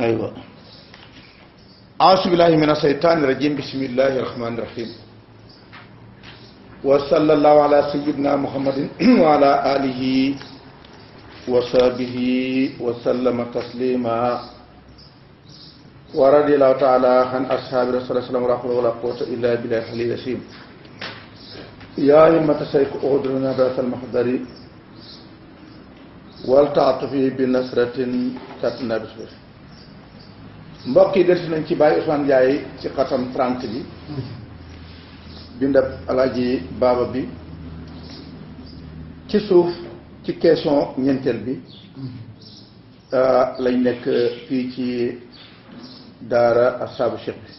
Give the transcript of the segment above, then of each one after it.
أيوة أعوذ بالله من الشيطان الرجيم بسم الله الرحمن الرحيم وصلى الله على سيدنا محمد وعلى آله وصحبه وسلم تسليما ورضي الله تعالى عن أصحاب رسول الله صلى الله عليه وسلم ولا قوة إلا بالله الحلي الرسيم يا أئمة الشيخ أغدرنا بأس المحضر wal taatufi bi nasratin kat nabsir mbokk yi delsi nañ ci Baye Ousmane Ndiaye ci xatam 30 bi bindab alaaji baaba bi ci suuf ci question ñeenteel bi mm-hmm. euh, lañ nekk fii ci daara asaabu cheikh bi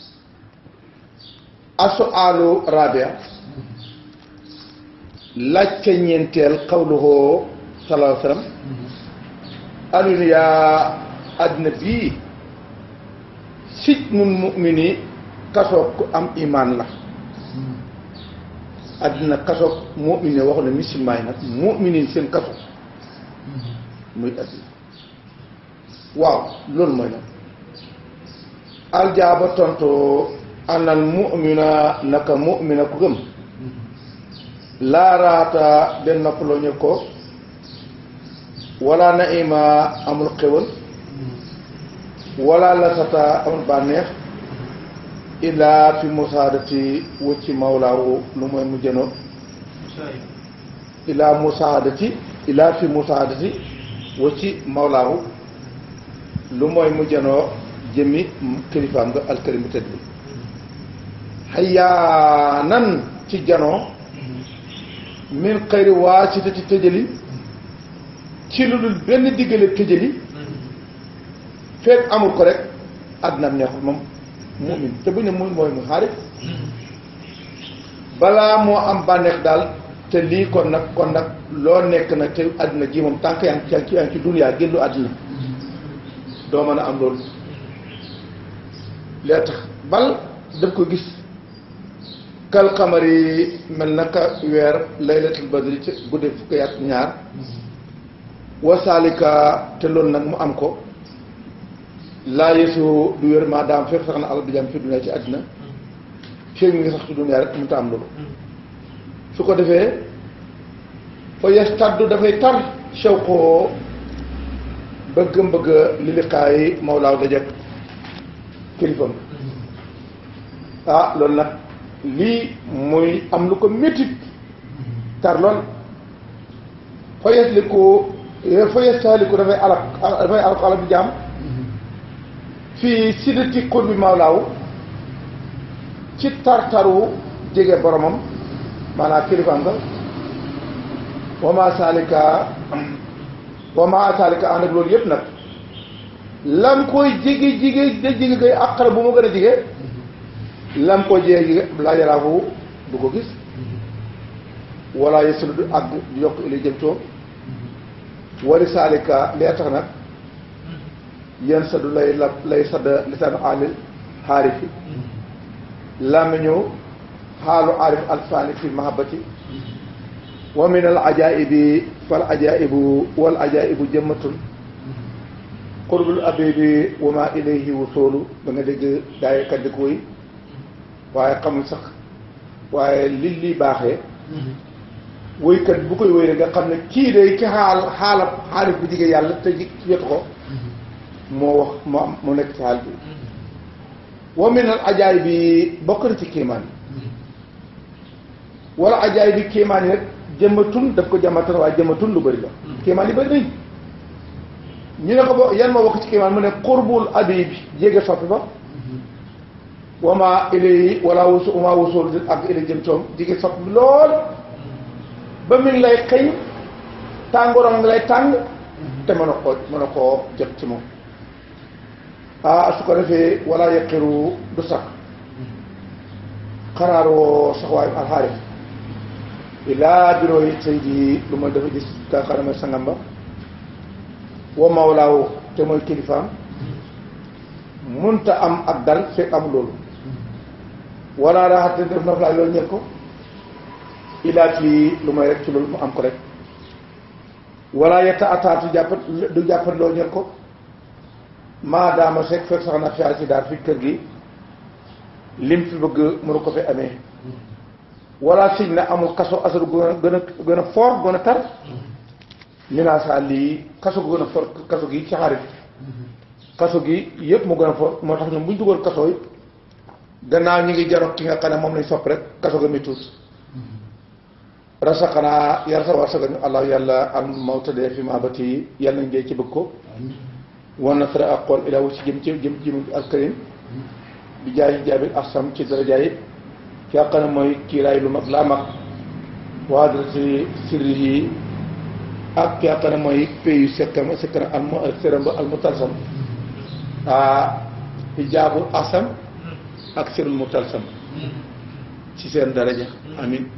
asualu rabia mm-hmm. laajte ñeenteel xawluhoo sallallahu alayhi wa sallam àddina bii sijnul mu'mini kasoog ku am imaan la àddina kasoog mu'mini waxu ne musulmaan yi nag mu'mini seen kaso muy àddina waaw loolu mooy nag aljaaba tontu anal mu'mina naka mu'mina ku gëm laaraata den noppaloo ñu ko wala naima amul xewal wala lasata amul bànneex illaa fi musaadati wëcci mawlaawu lu mooy mu jëno illaa musaadati illaa fi musaadati wëcci mawlaawu lu mooy mu jënoo jëmi kilifaam nga alkarim tëdd bi xayaanan ci janoo min xëyri waasitati tëjali ci lu dul benn diggale tëjali fekk amul ko rek àddina am neexul moom mumin te bu ñu mumin mooy mu xaarib balaa moo am bànneex daal te lii kon nag kon nag loo nekk na te àddina ji moom tànk yaa ci yaa ngi ci duniyaa génnu àddina doo mën a am loolu lee tax bal daf ko gis kal xamari mel naka weer laylatul badri ci guddi fukki ñaar wasaalika te loolu nag mu am ko laa yeesu du wér maa daam fekk sax na alal du jàmm fi duniyaa ci àddina fii mi ngi sax ci duniyaa rek mënta am loolu su ko defee fa yes tàddu dafay tar sew ko bëggam bëgga li liqaayi mawlaaw dajeg kilifam ah loolu nag lii muy am lu ko métit tar lool fa yes li ko fa yestaaliku dafay alak alak bu jaam fii sidati xutbi mawlaaw ci tartaru jege boromam maanaam kilifaam nga wama saalika wama saalika ànd ak loolu yëpp nag lam koy jige jige da jige koy aqara bu ma gën a jige lam koy jige jige du ko gis wala yesulu du àgg yokk ili jëm too wari saalika lee tax nag yan sadu lay la lay sadda lisaanu aalil xaarifi làmmiñu xaalu aarif alfaani fi mahabbati wa min al ajaibi fal ajaibu wal ajaibu qurbul abibi wa ma ilayhi wusoolu da dégg daay kaddiko yi waaye xamul sax waaye li lii baaxee woykat bu koy woy rek nga xam ne kii day ki xaal xaalab xaalif bi jige yàlla te yetu ko moo wax moo am moo nekk ci xaal bi wa min al ajaay bi bokk na ci kéemaan yi wala ajaay bi kéemaan yi nag jëmmatun daf ko jëmmatan waaye jëmmatun lu bëri la kéemaan yi bëri nañ ñu ne ko bo yan ma bokk ci kéemaan mu ne qurbul abi bi jéege soppi ba wama ilay wala wusu uma wusul ak ilay jëm coom jige soppi bi lool ba mi ngi lay xëy tàngooram lay tàng te mën a koo mën a koo jot ci moom ah su ko defee wala yaqiru du sax xaraar woo saxwaayu alxaaris ilaa biroo yi sëy ji lu ma dafa gis ka xam ne mooy te mooy kilifaam munta am ak dal fekk am loolu wala raxate def na fa loolu ñëpp ko ilaat lii lu mooy rek ci loolu mu am ko rek wala yetta ataat du jàppat du jàppat loo ñor ko maadaama fekk fekk sax na fiar ci daal fi kër gi lim fi bëgg mënu ko fi amee wala siñ na amul kaso asar gu gën a gën a foor gën a tar minasa lii kaso gu gën a fort kaso gi ci xarit kaso gi yëpp mu gën a fort moo tax ñun bu ñu dugal kaso yi gannaaw ñu ngi jarog ki nga xam moom lañ sopp rek kaso ga mi tuus rasaqanaa yar sa war sagañu allah yàlla al mawtadee fi maabati yàlla nañ dee ci bëgg ko wan na sara ak xool ilaa wu ci jëm ci jëm jëm alkarim bi jaay jaabil ahsam ci daraja yi ki àq na mooy kiiraay lu mag laa mag waadrati sirri yi ak ki àq na mooy payu sekkam sekkana al mu sëram ba al mutalsam hijaabul ahsam ak sirul mutalsam ci seen daraja amin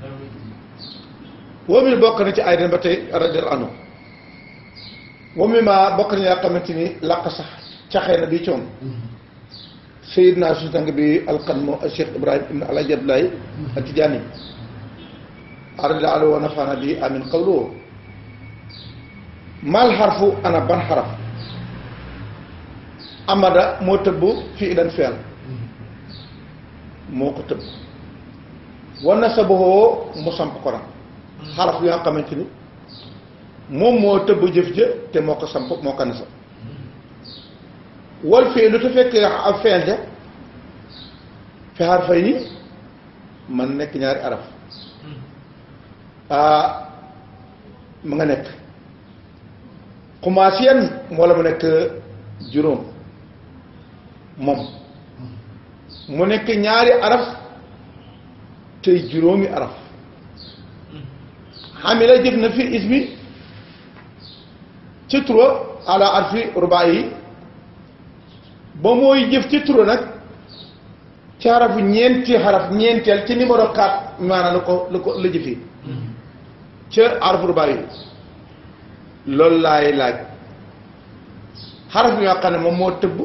woomi bokk na ci ay den ba tey radiyallaahu anhu woomi maa bokk na ñaa xamante ni sax caxee bi coom sayidna su bi alxanmo Cheikh Ibrahim ibn Alaaji Abdoulaye Atijaani radiyallaahu anhu wa nafaana bi amin qawluhu mal xarfu ana ban xaraf amada moo tëbb fii dan feel moo ko tëbb wa nasabahu mu samp koran xaraf yoo xamante ni moom moo tëbb jëf jë te moo ko samp moo ko nasa wal fii lu te fekk ab feel de fi ni man nekk ñaari araf ah mu nga nekk xumaas yenn wala mu nekk juróom moom mu nekk ñaari araf te juróomi araf amila jëf na fi ismi ci turo ala arfi rubaayi ba mooy jëf ci turo nag ci xarafu ñeenti xaraf ñeenteel ci numéro 4 maanaam la ko la ko la jëfee ca arfu rubaayi loolu laay laaj xaraf bi nga xam moom moo tëbb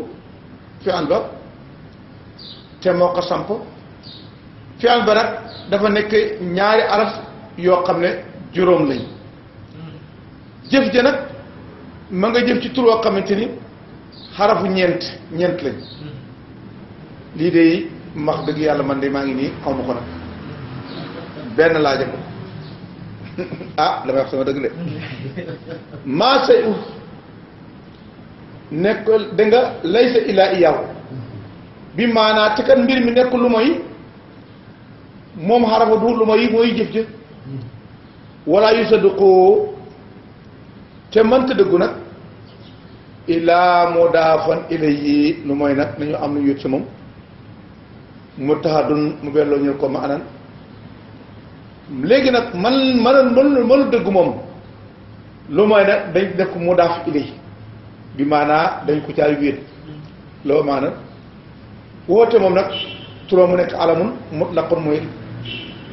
fi an ba te moo ko samp fi an ba dafa nekk ñaari araf yoo xam ne juróom lañ jëf ja nag ma nga jëf ci tur woo xamante ni xarafu ñeent ñeent lañ lii de max dëgg yàlla man de maa ngi nii xaw ko nag benn laaja ko ah damay wax sama dëgg de maa say u nekk da nga ilaa iyaw bi maanaa te kat mbir mi nekk lu mooy moom xarafa du lu mooy mooy jëf jëf wala yu sadduqoo te mënta dëggu nag ilaa mudaafan ilayhi lu mooy nag nañu am na yut si moom mu taxadun mu belloo ñu ko ma anan léegi nag man man mënu mënu dëggu moom lu mooy nag dañ def ko mudaaf ilayhi bi maanaa dañ ko caay wéet loo maana woote moom nag turam mu nekk alamun mutlaqun muy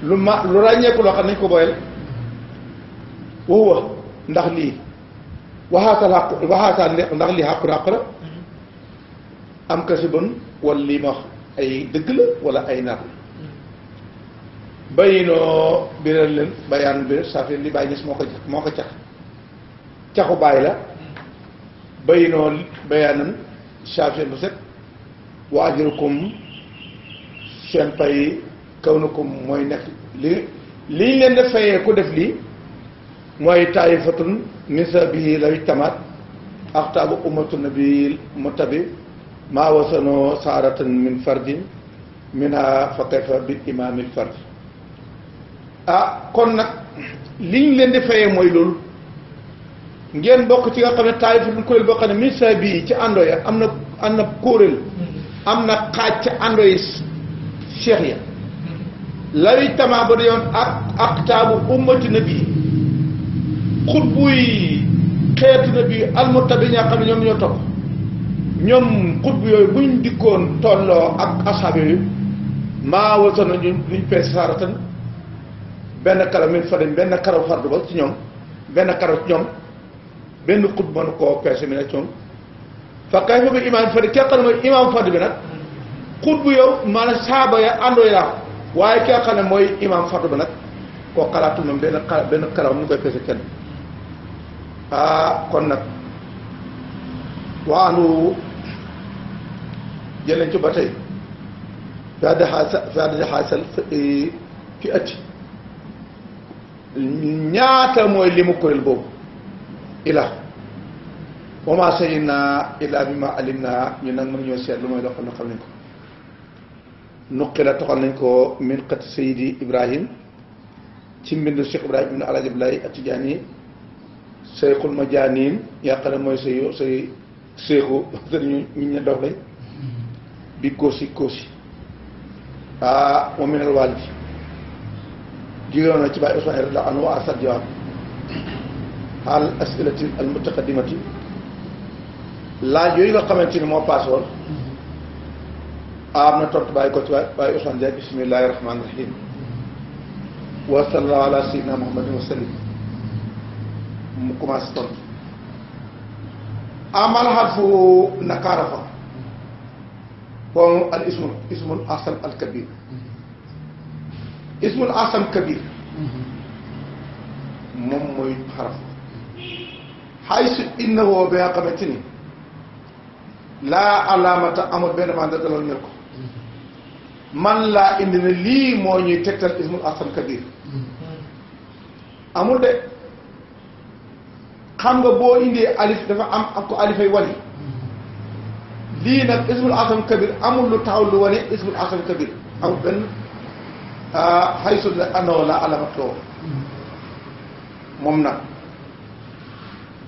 lu ma lu ràññeeku loo xam nañ ko boyal woowa ndax lii waxaatal xaq waxaatal ndax lii xàqu xàq la am kasibun wala lii ma ay dëgg la wala ay naat la bayinoo biral leen bayaan biral saaf li bàyyi ñes moo moo ko cax caxu bàyyi la bayinoo bayaanan saaf leen bu set waajurukum seen pay kaw na mooy nekk li li leen def fayee ku def lii mooy taifatun min sabihi law ijtamaat axtaabu ummatu nabi mutabi maa wasanoo saaratan min fardin minha fa kayfa bi imaamil fard kon nag liñ leen di fayee mooy loolu ngeen bokk ci nga xam ne boo xam ne min sabihi ci àndoo ya am na am na kuréel am na xaaj ca àndoo yi cheikh ya law ijtamaa ba dañoon nabi xutbu yi xeetu na bi almutabi ñaa xam ne ñoom ñoo topp ñoom bu yooyu buñ dikkoon tolloo ak asaab yooyu maa wasana ñu luñ peese saaratan benn karaw min fadañ benn ci ñoom benn karaw ci ñoom benn xutbu mën koo peese mi nag ci bu yow maanaam saaba ya àndooy laa waaye kee xam ne mooy imaam fadu bi nag koo xalaatul moom benn xala benn karaw mu koy peese kenn ah kon nag waanu jëleñ ci ba tey eh, fi addaxaa fi addaxaa fi ëtti ñaata mooy limu kuréel boobu ila wa maa sayyidnaa illaa bimaa alimnaa ñu nag mënuñoo seet lu mooy loo xam ne xam nañ ko nuqi la toxal nañ ko min xat sayidi ibrahim ci mbindu Cheikh Ibrahim ibn Alaaji Abdoulaye Atijaani sayxul ma jaaniin yàqale mooy say say seexu sëriñu ñiñ ne dox lañ bi kóosi kóosi ah moom minal waalidi jigéen na ci bàyyi Usmaan radiyallaahu anhu wa asal jawaab xaal asilati al mutaqaddimati laaj yooyu nga xamante ni moo paasoon am na tontu bàyyi ko ci bàyyi Usmaan jaay bismillaahi rahmaani rahiim wa sallallaahu ala sayyidina muhammadin wa mu commencé tontu amal ah, xarfu nakaara fa bon al ismul ismul asam al kabir ismul asam kabir moom mooy xaraf xaysu innahu bi nga xamante ni laa alaamata amul benn maa dalal ñel ko man laa indi ne lii moo ñuy tegtal ismul asam kabir amul de xam nga boo indee alif dafa am ak ko alifay wali lii nag ismul asam kabir amul lu taxaw lu wane ismul asam kabir aw benn xaysul ah, la anoo la alamatoo moom nag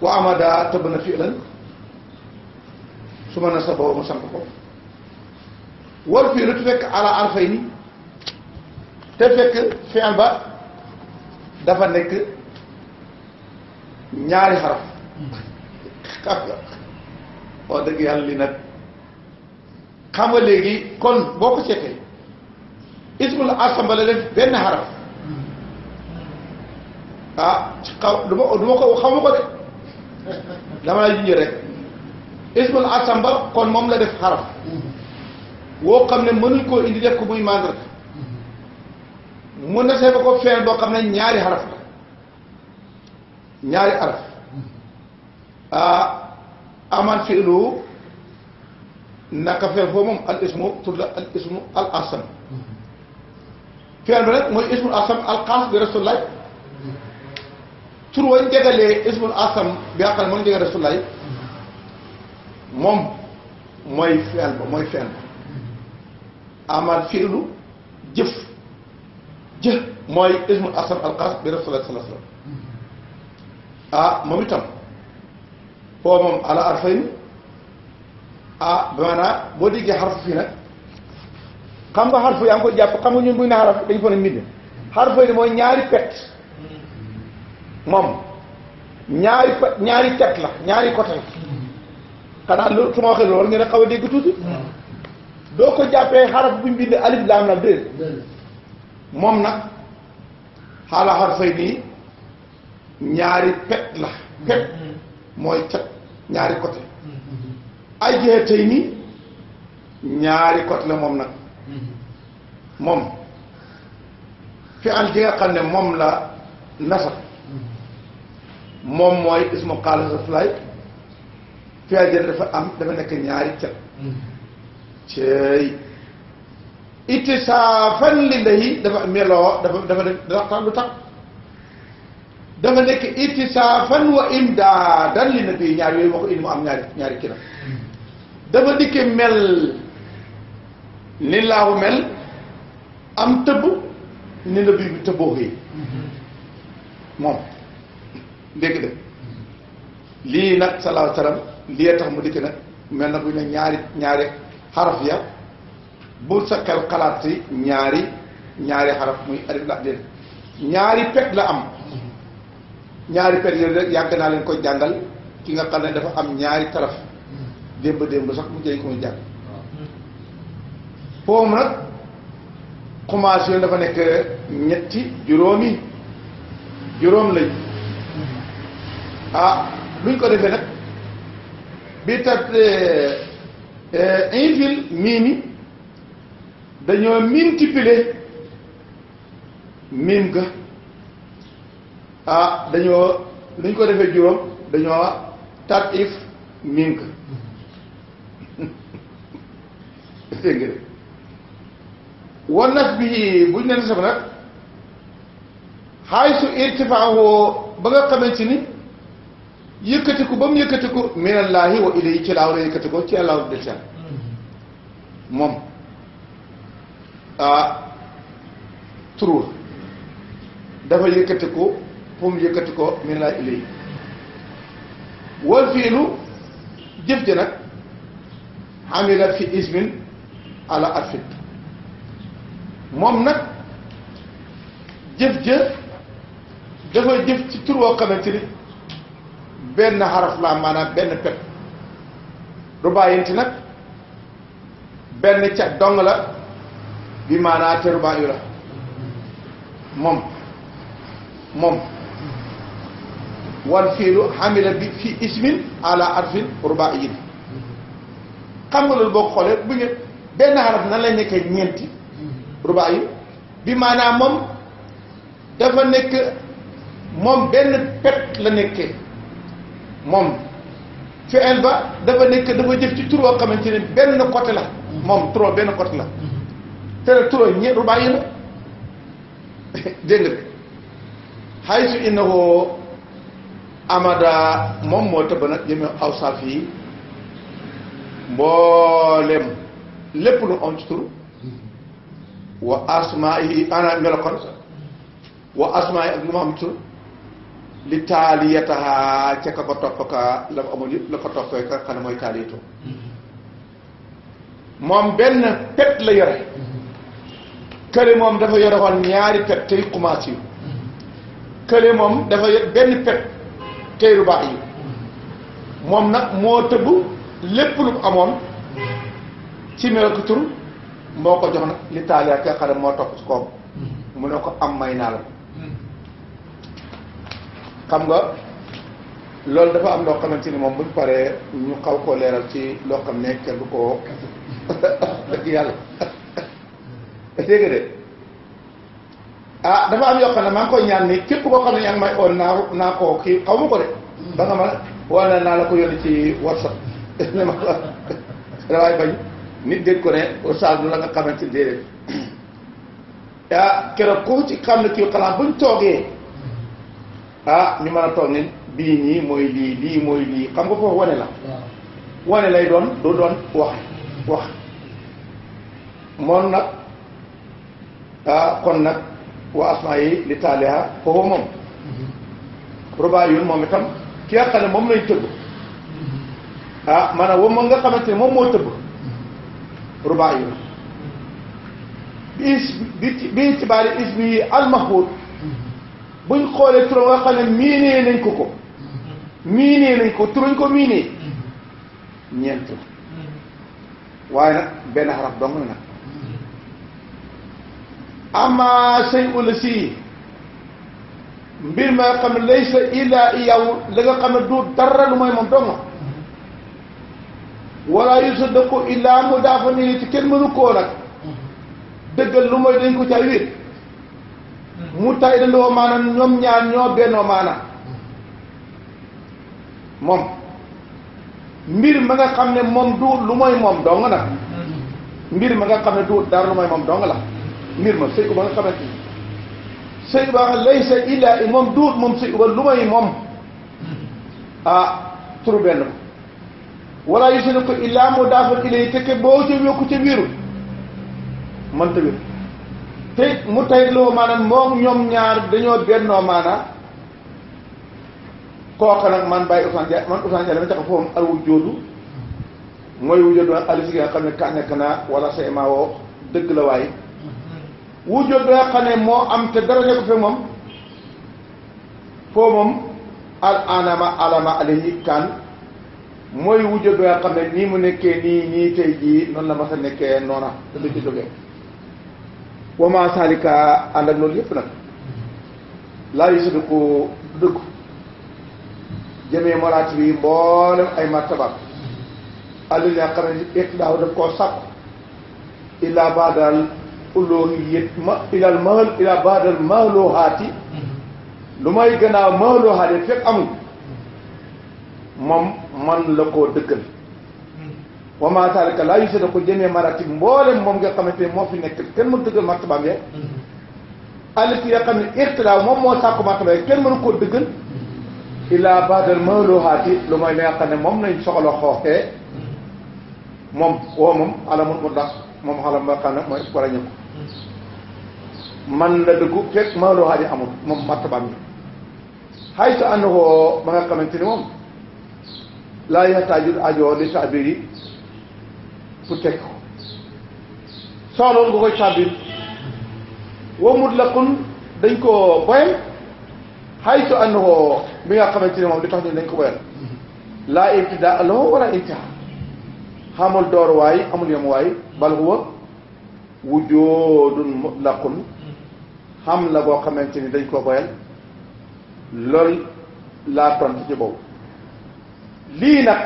wa amada tëb na filan su ma na sa boobu ma sant ko war fii lu fekk ala arfay ni te fekk fi'l ba dafa nekk ñaari xaraf xam nga wax dëgg yàlla li nag xam nga léegi kon boo ko seetee ismul asamba la def benn xaraf ah xaw du ko xamu ko de dama kon moom la def xaraf woo xam ne mënuñ koo indi def ko muy màndarga mun na seet ba ko feen boo xam ne ñaari xaraf la ñaari araf a aman fiilu naka fee foo moom al ismu tudda al ismu al asam feen bi rek mooy ismul asam al xaas bi rasulaay tur wañ jegalee ismul asam bi nga xam ne moom jege rasulaay moom mooy feen ba mooy feen ba aman fiilu jëf jëf mooy ismul asam al xaas bi rasulaay sallallahu alayhi wa sallam ah moom itam foo moom ala arfayn ah maanaam boo déggee xarfu fii nag xam nga xarfu yaa ngi ko jàpp xam nga ñun buy na xaraf dañu fa ne mbind xarfu mooy ñaari pet moom ñaari pet ñaari tet la ñaari côté la xanaa lu waxee loolu war ngeen a kaw a dégg tuuti doo ko jàppee xaraf buñ bind alif laam la déet moom nag xaala xarfay nii ñaari pet la mm-hmm. pet mooy cat ñaari côté mm-hmm. ay jee tey nii ñaari côté la moom nag mm-hmm. moom fi al ji nga xam ne moom la nasab moom mooy ismu xaalis lay fi al jee dafa am dafa nekk ñaari cat cey itisaafan li lay dafa meloo dafa dafa def dafa tax lu tax dafa nekk itisaafan wa imdaadan li nabi ñaar yooyu ma indi ñaari ñaari mel ni laahu am tëbb ni bi tëbboo xëy moom dégg dëgg lii nag salaahu salaam lii tax mu dikk nag mel na bu ne ñaari ñaari xaraf ya bu sa xel xalaat si ñaari ñaari xaraf muy alif la déet ñaari pet la am ñaari période rek yàgg naa leen koy jàngal ki nga xam ne dafa am ñaari taraf démb démb sax mu jëy ko muy jàng poom nag commencé dafa nekk ñetti juróomi juróom lañ ah luñ ko defee nag bi tat eh, eh, infil miimi dañoo multiplier miim ga ah dañoo lu ñu ko defee juróom dañoo tat if mink dégg nga wan naf bi buñ ne nasab nag xaay su ba nga xamante ni yëkkatiku ba mu yëkkatiku minallaahi wa ilayhi ci laa war a yëkkatiku ci àllaahu del seen moom ah tur dafa yëkkatiku fu mu yëkkati ko min laa ilay wal fiilu jëf ji nag xamilat fi ismin ala atfit moom nag jëf ja dafa jëf ci tur woo xamante ni benn xaraf la maanaam benn pep du nag benn ca dong la bi maanaa te rubaayu la moom moom wal fiilu hamila bi fi ismin ala arfin rubaayin xam nga loolu boo xoolee bu ñu benn xaraf nan lay nekkee ñeenti rubaayi bi maanaam moom dafa nekk moom benn pet la nekkee moom fi'il ba dafa nekk dafa jëf ci tur boo xamante ne benn côté la moom trop benn côté la te trop ñe rubaayi la dégg nga xay amada moom moo tëb na jëme aw saaf mboolem lépp lu am ci tur wa asmaa yi ana melokoon wa asmaa yi ak lu ma am ci tur li taaliyataha ca ka ko topp ka la ko amoon yëpp la ko toppee ka xam mooy taaliyatu moom benn pet la yore kële moom dafa yore woon ñaari pet tey commencé yu kële moom dafa benn pet tey lu baax yi moom nag moo tëbb lépp lu amoon ci melok tur moo ko jox nag li taaliya ki nga xam ne moo topp ci koom mu ne ko am may naa la xam nga loolu dafa am loo xamante ni moom buñ paree ñu xaw koo leeral ci loo xam ne kenn du ko yàlla dégg de ah dafa am yoo xam ne maa koy ñaan ni képp koo xam ne yaa ngi may oon naa naa koo kii xaw ma ko de ba nga ma wala naa la ko yónni ci whatsapp ne ma ko ne oustaz lu la nga xamante déedéet ah, ci xam ne kii xalaat buñ toogee ah ñu mën a toog ne bii nii mooy lii lii mooy lii xam nga foofu wane la wane lay doon du doon wax wax moom nag ah kon nag wa asmaa yi li taaliha foofu moom rubaayul moom itam ki nga xam ne moom lay tëgg ah maanaam moom nga xamante ne moom moo tëgg rubaayul bi is bi bi itibaari is bi almahud buñ xoolee turam nga xam miinee ko ko miinee nañ ko turuñ ko miinee ñeent waaye nag benn xaraf ama shay'un la sii mbir ma nga xam ne laysa illa iyaw la nga xam ne du dara lu mooy moom donga wala yusaddiqu illa mu daafa nii ci kenn mënu koo nag dëggal lu mooy dañ ko ca wéet mu tay da loo maanaam ñoom ñaar ñoo bennoo maanaam moom mbir ma nga xam ne moom du lu mooy moom dong nag mbir ma nga xam ne du dara lu mooy moom dong la ngir ma sëy uba nga xamante ni uba nga laysa illaa moom duut moom sëy uba lu may moom turu benn ma wala yushriku illaa mudaafan ilayhi tekke boo ca wékku ca biiru mënta wér te mu tayit loo maanaam moom ñoom ñaar dañoo bennoo maanaa kooka nag man bàyyi Ousmane Dia man Ousmane Dia dama tax foofu al wujudu mooy wujudu alif gi nga xam ne ka nekk naa wala sayma woo dëgg la waaye wujo bi nga xam ne moo am te dara nekku fi moom foo moom al anama alama alayhi kan mooy wujo bi nga xam ne nii mu nekkee nii nii tey jii noonu la ma sa nekkee noona te du ci jógee wama salika ànd ak loolu yëpp nag laa yu sudiku dëgg jëmee maraati bi mboolem ay martabaat alli nga xam ne iqdaaw daf koo sàkku illaa baadal اولويت ما الى المال الى بعد المال وهاتي لماي غنا مال وهاتي فك ام مام من لاكو دكل وما تعلق لا يوجد كو جيمي مراتب مبولم موم غا خامتي مو في نيك كين مو دغل مرتبه مي ال في يقم الاختلاع موم مو ساكو مرتبه كين مو كو دغل الى بعد المال وهاتي لماي ناقني موم نين سوخلو خوخه موم وومم على مون مو داس موم حالا ما كان ما اسبرانيكو man la dëggu fekk maalo xaaji amul moom martabaam yi xay sa ànd koo ba nga xamante moom laa yaxtaaju ajoo di taabir yi pour teg ko soxloon nga koy taabir wa mutlaqun dañ koo boyal xay sa ànd koo bi nga xamante moom li tax ñu dañ ko boyal laa ibtidaa lahu wala intihaa xamul door waay amul yem waay bal wujoodun mutlaqun xam na boo xamante ni dañ koo boyal lool laa tontu ci boobu lii nag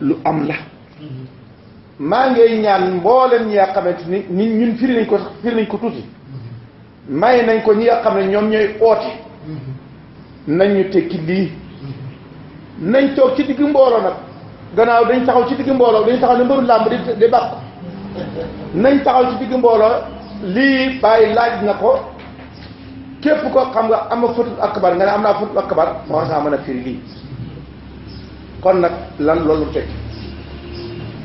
lu am la maa ngay ñaan mboolem ñi nga xamante ni ni ñun firi nañ ko sax firi nañ ko tuuti may nañ ko ñi nga xam ne ñoom ñooy oote nañ ñu tekki lii nañ toog ci digg mbooloo nag gannaaw dañ taxaw ci digg mbooloo dañ taxaw ne mbëru làmb di di bàq nañ taxaw ci digg mbooloo lii bàyyi laaj na ko képp ko xam nga ama fatul akbar nga ne am naa fatul akbar ma war saa mën a firi lii kon nag lan loolu teg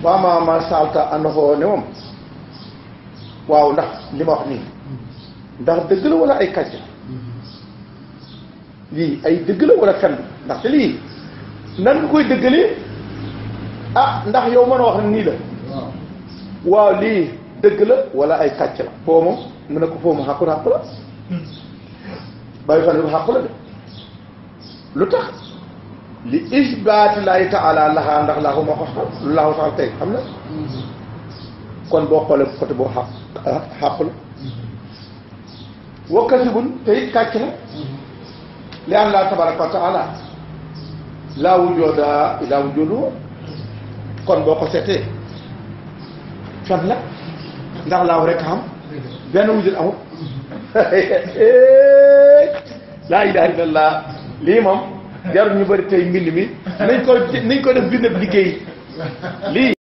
waa ma ma salta andoxoo ne moom waaw ndax li ma wax nii ndax dëgg la wala ay kàcc lii ay dëgg la wala fen ndaxte lii nan nga koy dëggalee ah ndax yow mën wax nii la waaw lii dëgg la wala ay kàcc la foo moom mu ko foo mu la bàyyi fan xàq lu tax li isbaati laahi taala laxaa ndax laaxu ma ko xaq lu laaxu sax tey xam na kon boo xoolee côté boo xaq xàq la wakkasibun tey kàcc la li am laa wa taala laa wujooda ilaa wujoodoo kon boo ko seetee fen la ndax laaw rek xam benn wujjul amul laa ilaaha illallaah lii moom jarul ñu bëri tey mbind mi nañ ko nañ ko def bind ab liggéey lii